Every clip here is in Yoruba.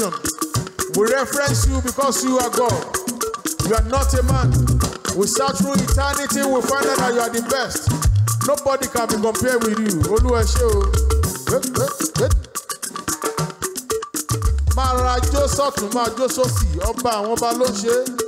nation. We reference you because you are God. You are not a man. We search through eternity, we find out that you are the best. Nobody can be compared with you. Olúwa ṣé o. Máa ra jó sọ́tún, máa jó sósì, ọba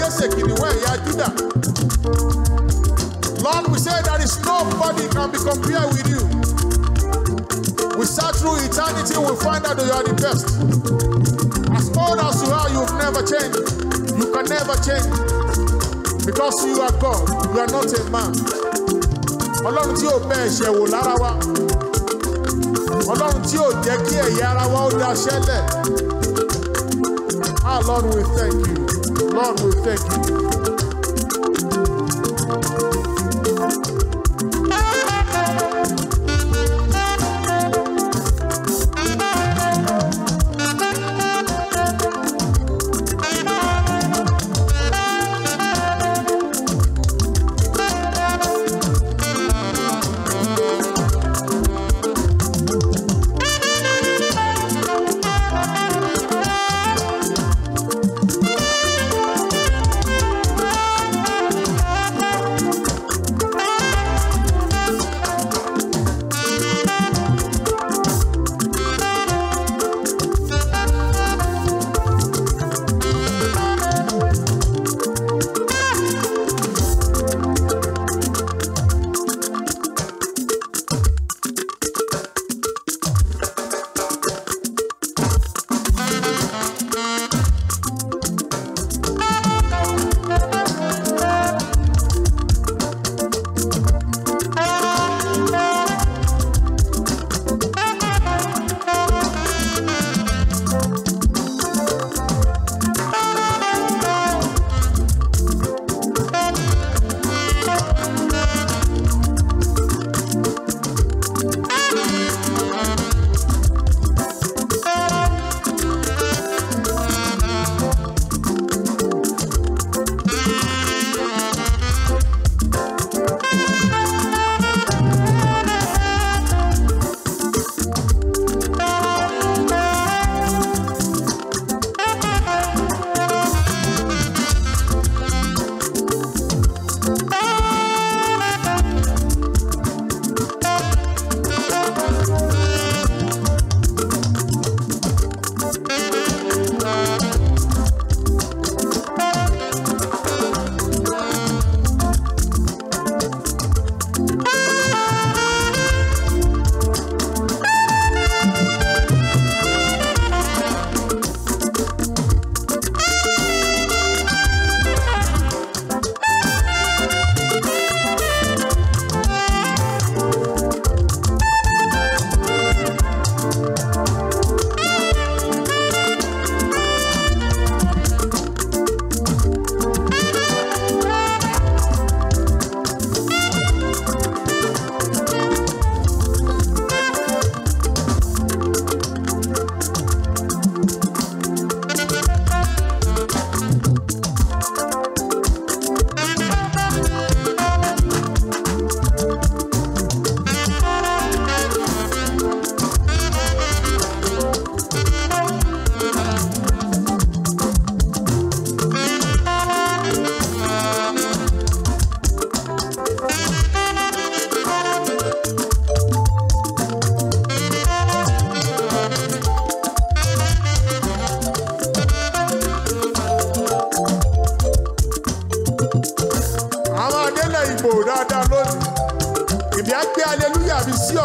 yeah, Judah. Lord, we say that is nobody can be compared with you. We search through eternity, we find out that you are the best. As old as you are, you've never changed. You can never change. Because you are God, you are not a man. Along with your bẹ ẹ̀ṣẹ̀ will lára wa. Ọlọ́run tí yóò jẹ́ kí Our ah, Lord, we thank you. Lord will thank you.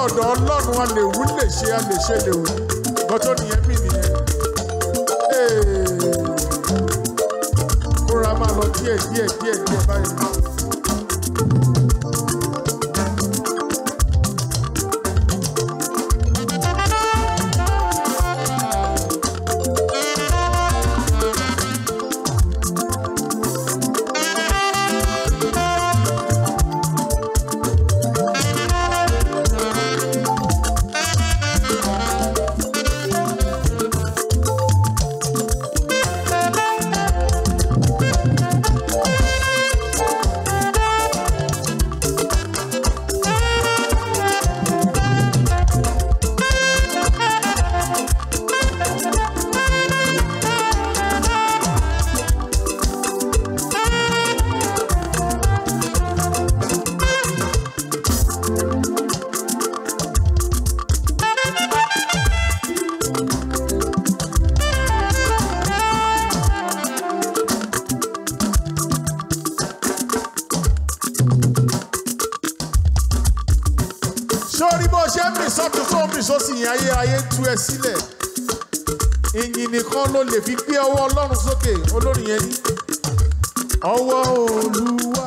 ọ̀dọ̀ ọlọ́run a lè wú lè ṣe a lè ṣe lè wú lọ tó nìyẹn mí nìyẹn. kóra máa lọ díẹ̀ díẹ̀ díẹ̀ díẹ̀ báyìí. lè fi gbé ọwọ́ ọlọ́run sókè olórin yẹn ní. ọwọ́ olúwa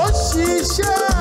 ó ṣiṣẹ́.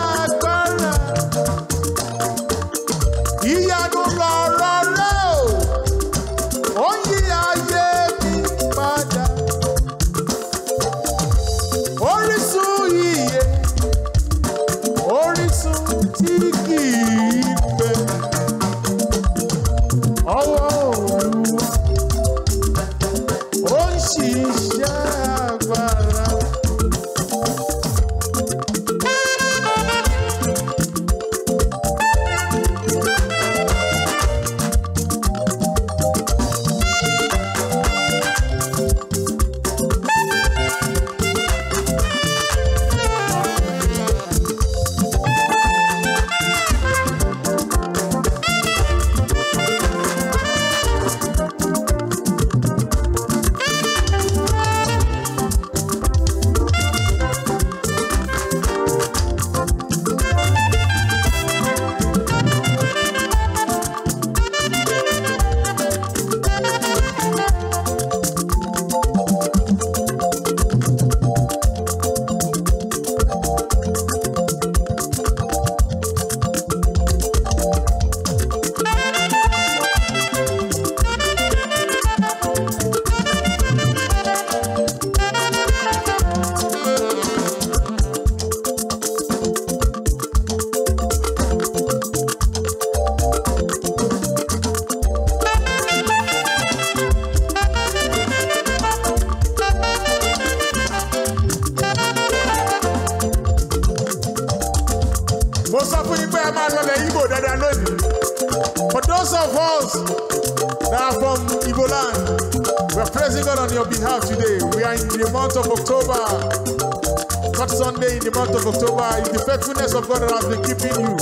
God that has been keeping you.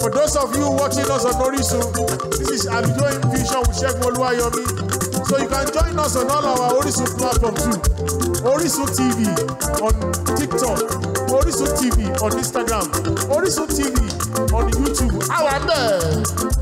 For those of you watching us on Orisun, this is Abidoyin Vision with Segun Oluwayomi. So you can join us on all our Orisun platforms too. Orisun TV on TikTok, Orisun TV on Instagram, Orisun TV on YouTube. Our bẹ́ẹ̀.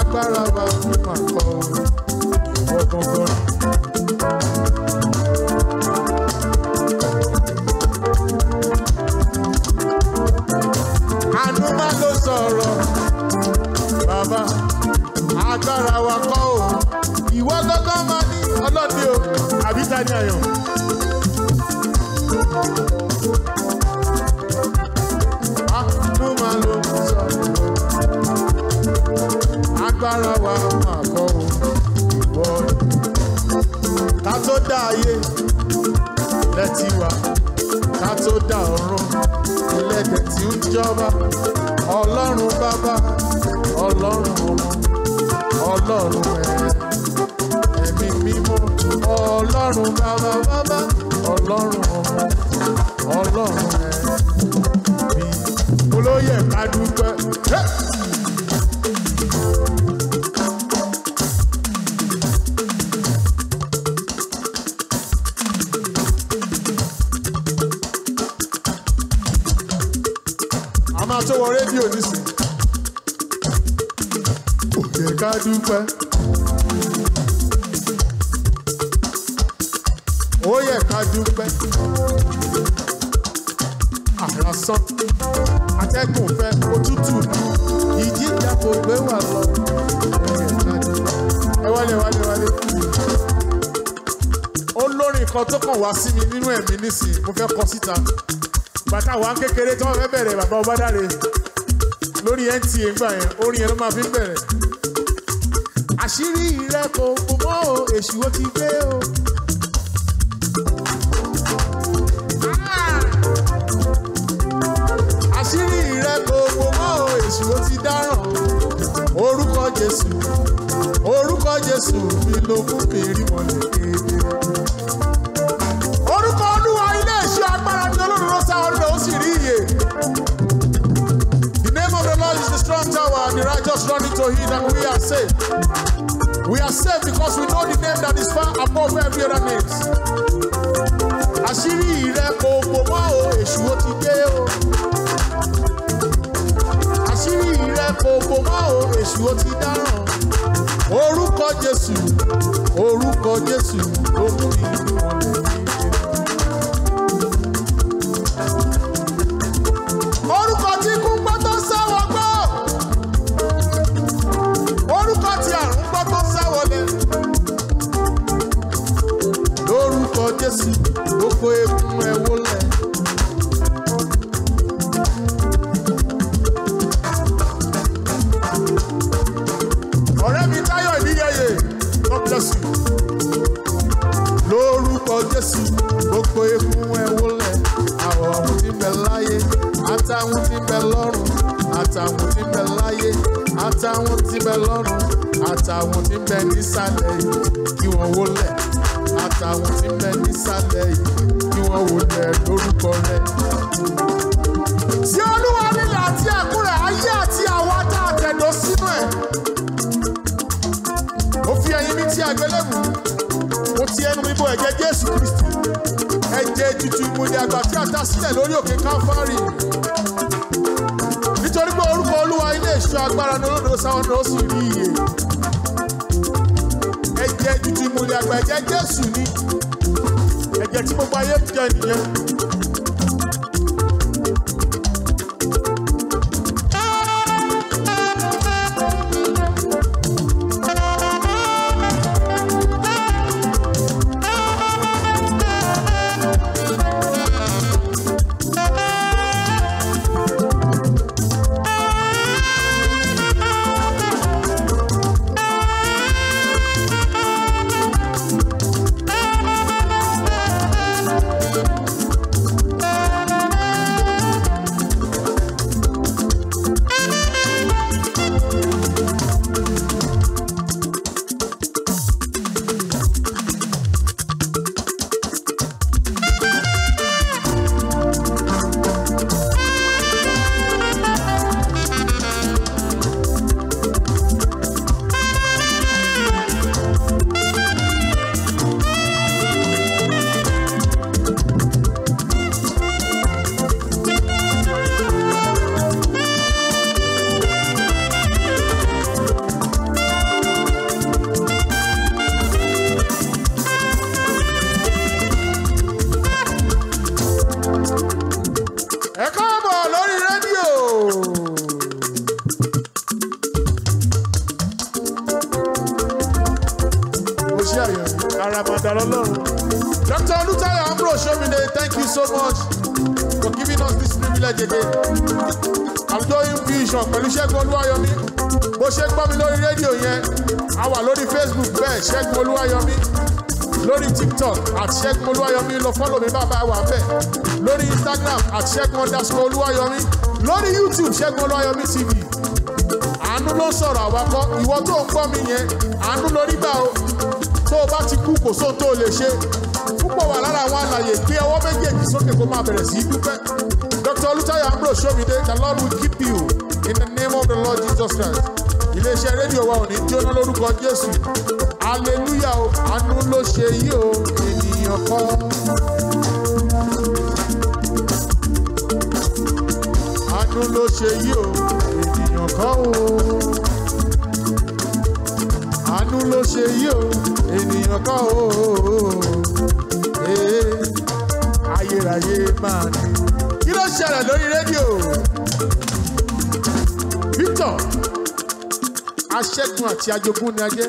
agbára wa fún màkọ́ ọ̀rọ̀ gangan. agbára wa máa kọ́ o ìwọ ká tó dá ayé lẹ́tí wa ká tó dá ọ̀run ẹlẹ́dẹ̀ tí ń jọba ọlọ́run bàbá ọlọ́run ọmọ ọlọ́run ẹ̀ ẹ̀mí mímọ́ ọlọ́run bàbá bàbá ọlọ́run ọmọ ọlọ́run ẹ̀ mi olóyè ká dúpẹ́. dúpẹ́. ó yẹ ká dúpẹ́. àràsán atẹ́gùn fẹ́ òtútù ìjìjà kò gbé wà lọ. ẹ wálé wálé wálé. olórin kan tó kàn wá sí mi nínú ẹ̀mí nísìnyí mo fẹ́ kọ síta bàtà wà ń kékeré tí wọ́n fẹ́ bẹ̀rẹ̀ bàbá ọba dáre lórí NTA ń gbà yẹn orin yẹn ló máa fi bẹ̀rẹ̀ àṣírí rẹ kò fún mọ́ o èṣù ó ti dé o. àṣírí rẹ kò fún mọ́ o èṣù ó ti dáràn o orúkọ Jésù orúkọ Jésù mi ló mú mi wọn lè kéde. orúkọ Olúwa ilé iṣẹ́ agbára ni Ọlọ́run ló sá ó sì rí iye. The name of the Lord is the strong tower and the righteous run into him and we are safe saved because we know the name that is far above every other name. Àṣírí rẹ kò bò o, èṣù ó ti dé o. Àṣírí rẹ kò bò o, èṣù ó ti dáràn. Orúkọ Jésù, orúkọ Jésù, ló mú ìlú wọn. jésù lórúkọ jésù gbogbo egun ẹ wólẹ̀ àwọn ọ̀hún ti bẹ̀ láyé àtàwọn ti bẹ̀ lọ́run àtàwọn ti bẹ̀ láyé àtàwọn ti bẹ̀ lọ́run àtàwọn ti bẹ̀ nísàlẹ̀ yìí kí wọ́n wólẹ̀ àtàwọn ti bẹ̀ yìí kí wọ́n wólẹ̀ lórúkọ rẹ̀. jẹ́ àgbélébù mo ti ẹnu mi bọ ẹ̀jẹ̀ Jésù Kristi ẹ̀jẹ̀ tuntun mo ni. àgbà tí a ta sílẹ̀ lórí òkè káfárì nítorí pé orúkọ Olúwa ilé ìṣọ́ agbára ní olódò sáwọn náà sì rí iye ẹ̀jẹ̀ tuntun mo ní àgbà ẹ̀jẹ̀ Jésù ni ẹ̀jẹ̀ tí gbogbo ayé jẹ nìyẹn. ìwọ tó ń gbọ́ mi yẹn àánú lórí gbà o tó o bá ti kú kò sóhun tó o lè ṣe púpọ̀ wà lára àwọn àlàyé gbé ọwọ́ méjèèjì sókè kó máa bẹ̀rẹ̀ sí í dúpẹ́ Dr. Olutayo Ambrose Somide the Lord will keep you in the name of the Lord Jesus Christ iléeṣẹ́ rédíò wa ò ní jóná lórúkọ Jésù aleluya o àánú ló ṣe yí o ènìyàn kọ́. àánú ló ṣe yí o ènìyàn kọ́ o àánú ló ṣe yí o ènìyàn kọ́ o ayérayé máa ní. kí ló ṣẹlẹ̀ lórí rédíò Victor aṣẹ́gun àti ajogún ni ajẹ́.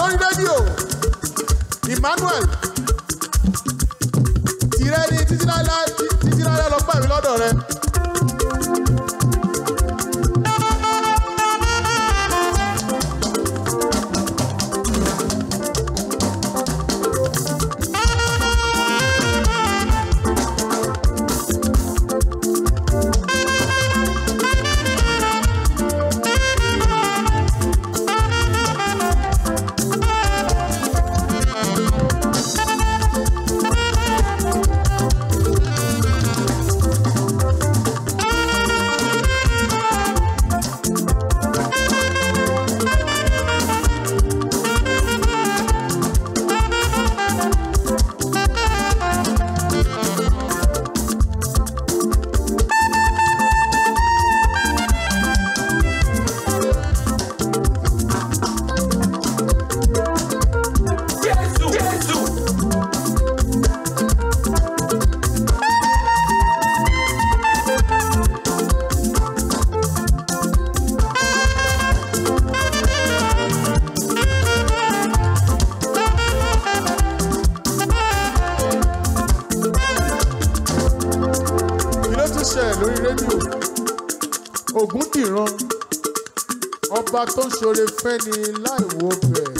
lórí rédíò Emmanuel dìran ọba tó ṣoore fẹ́ni láì wo bẹ̀.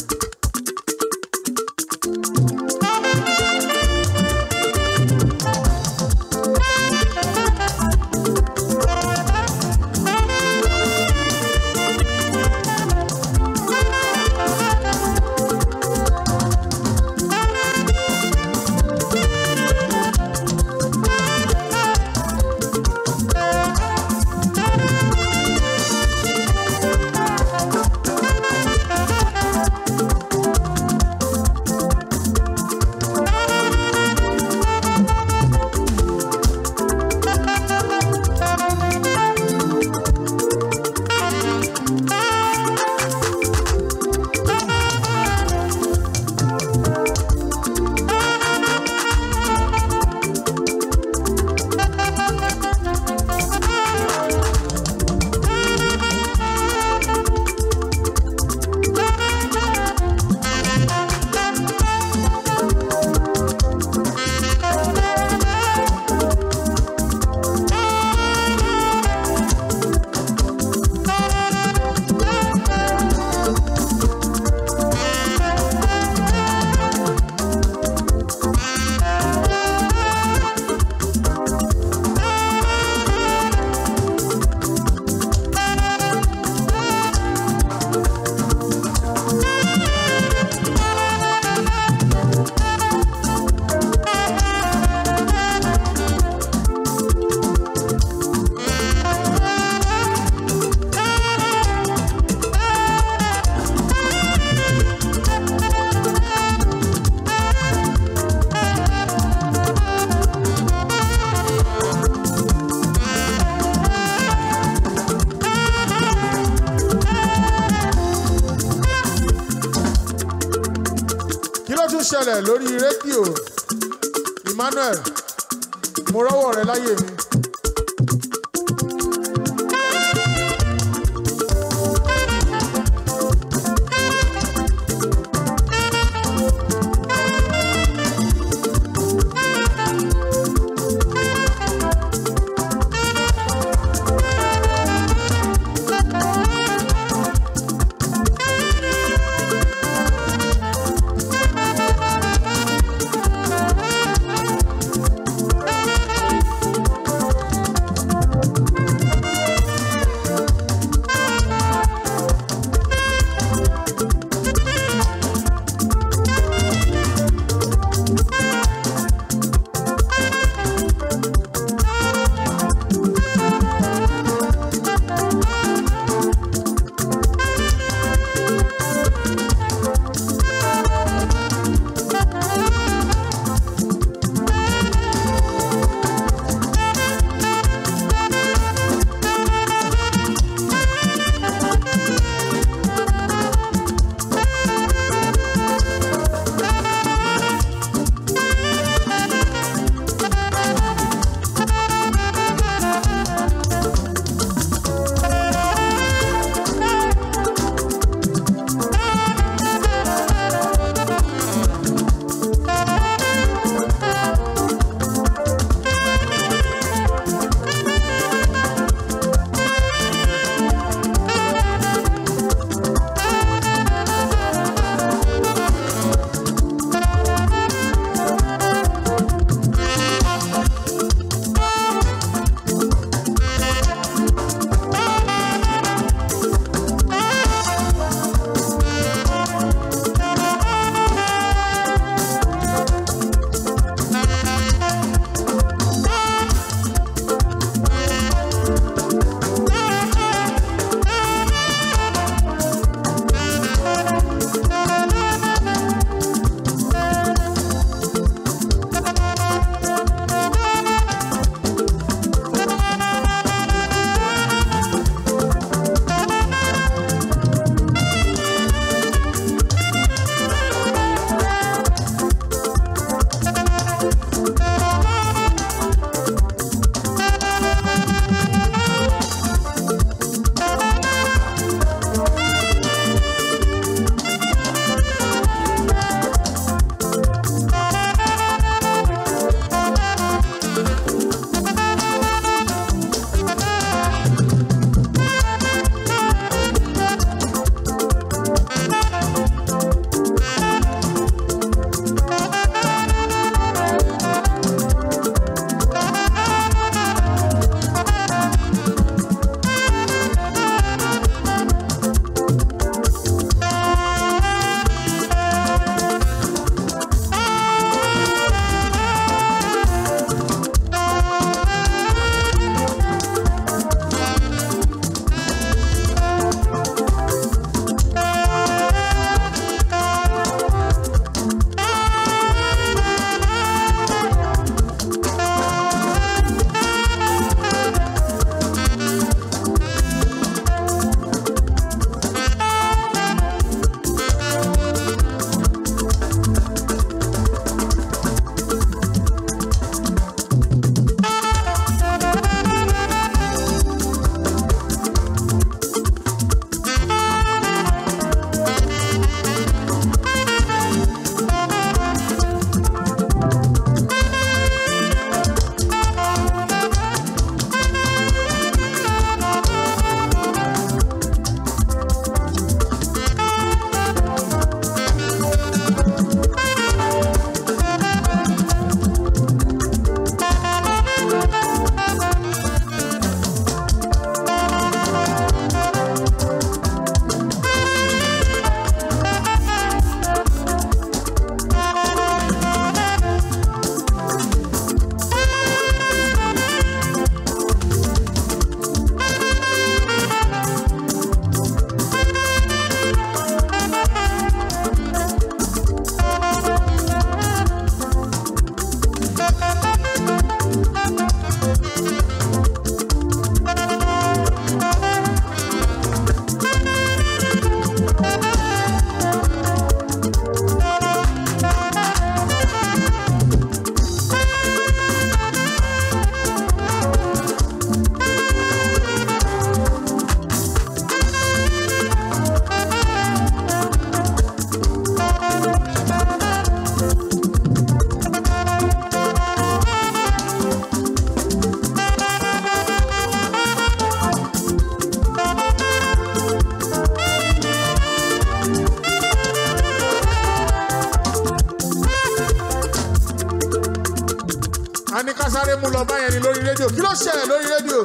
sáré mú lọ báyẹn ni lórí rédíò kí ló ṣẹlẹ̀ lórí rédíò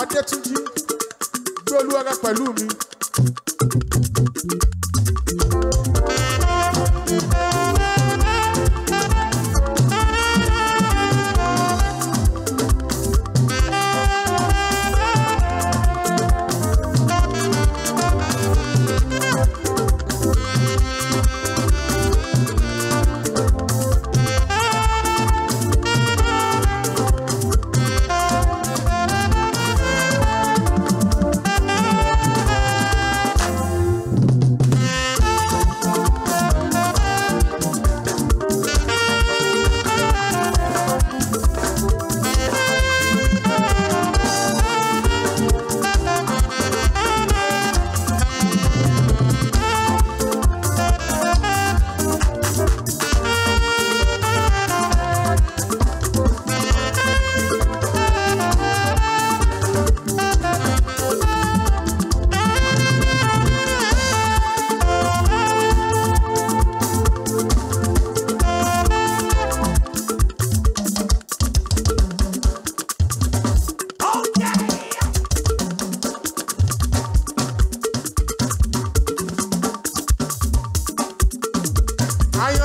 Adétúnjí gbé olúwaga pẹ̀lú mi.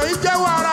I ara.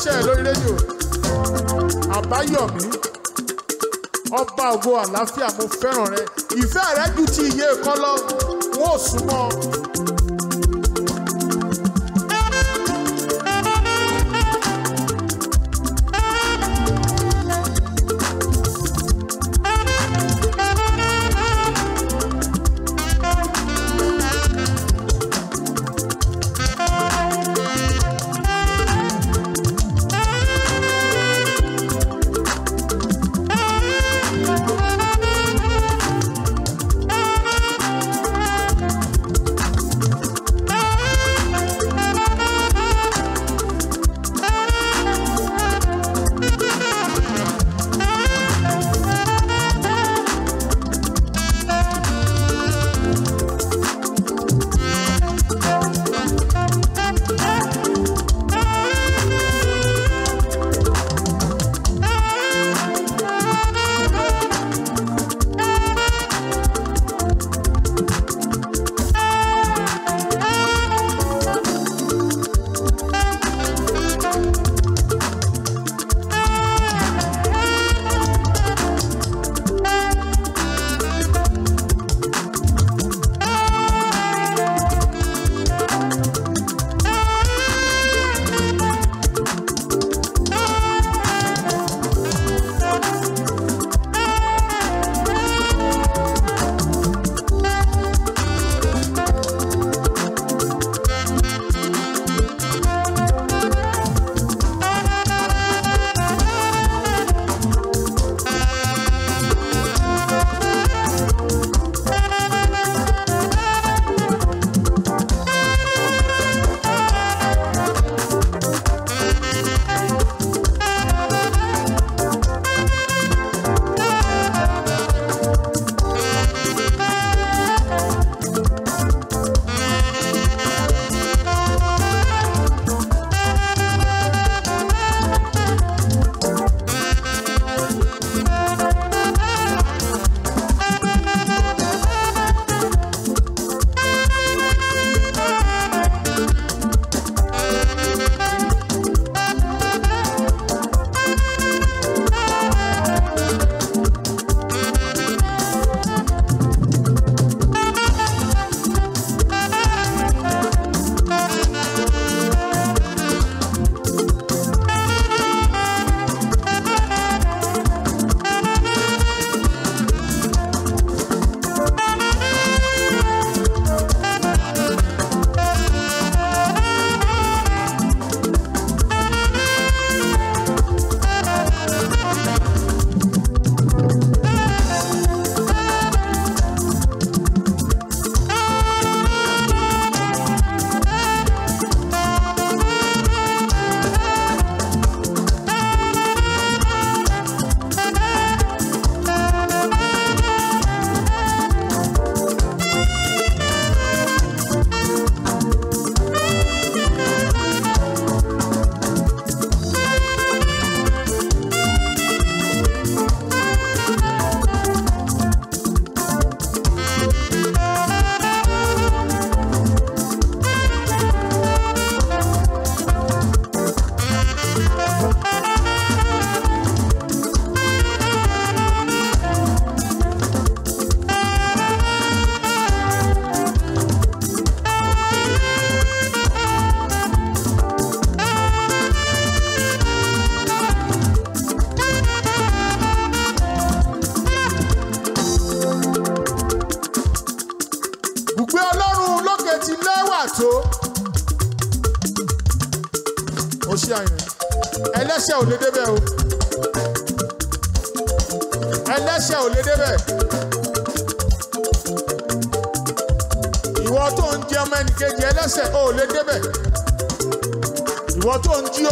iléeṣẹ́ lórí rédíò àbáyọ̀mí ọba ògo àlàáfíà mo fẹ́ràn rẹ ìfẹ́ rẹ ju ti iye kan lọ wọn ò súnmọ́.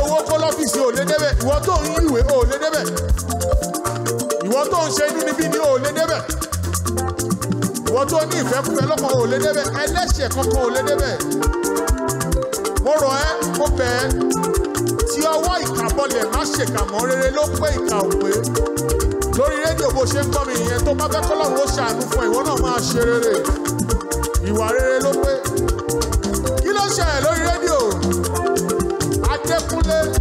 owó kó lọ́fíìsì ò lè débẹ̀ ìwọ tó ń yúwèé ò lè débẹ̀ ìwọ tó ń ṣe inú níbí ni ò lè débẹ̀ ìwọ tó ní ìfẹ́kúfẹ́ lọ́kàn ò lè débẹ̀ ẹlẹ́ṣẹ̀ kankan ò lè débẹ̀ mo rọ̀ ẹ́ mo bẹ̀ ẹ́ tí ọwọ́ ìkàbọlẹ̀ má ṣèkà mọ́ rere ló pé ìkà òwe lórí rédíò bó ṣe ń kọ́ mi ìyẹn tó bá fẹ́ kọ́lọ́run ó ṣàánú fún ìwọ náà máa ṣe rere ìwà rere ló pé kí ló ṣẹlẹ̀ lórí rédíò. together.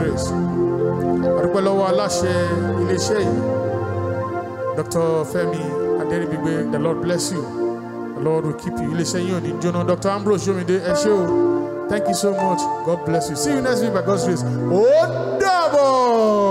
grace adúpẹ́ lọ́wọ́ aláṣẹ iléeṣẹ́ yìí Dr. Femi the Lord bless you the Lord will keep you iléeṣẹ́ yìí ò ní jóná Dr. Ambrose Yomide ẹ ṣé o thank you so much God bless you see you next week by God's grace ó dàbọ̀.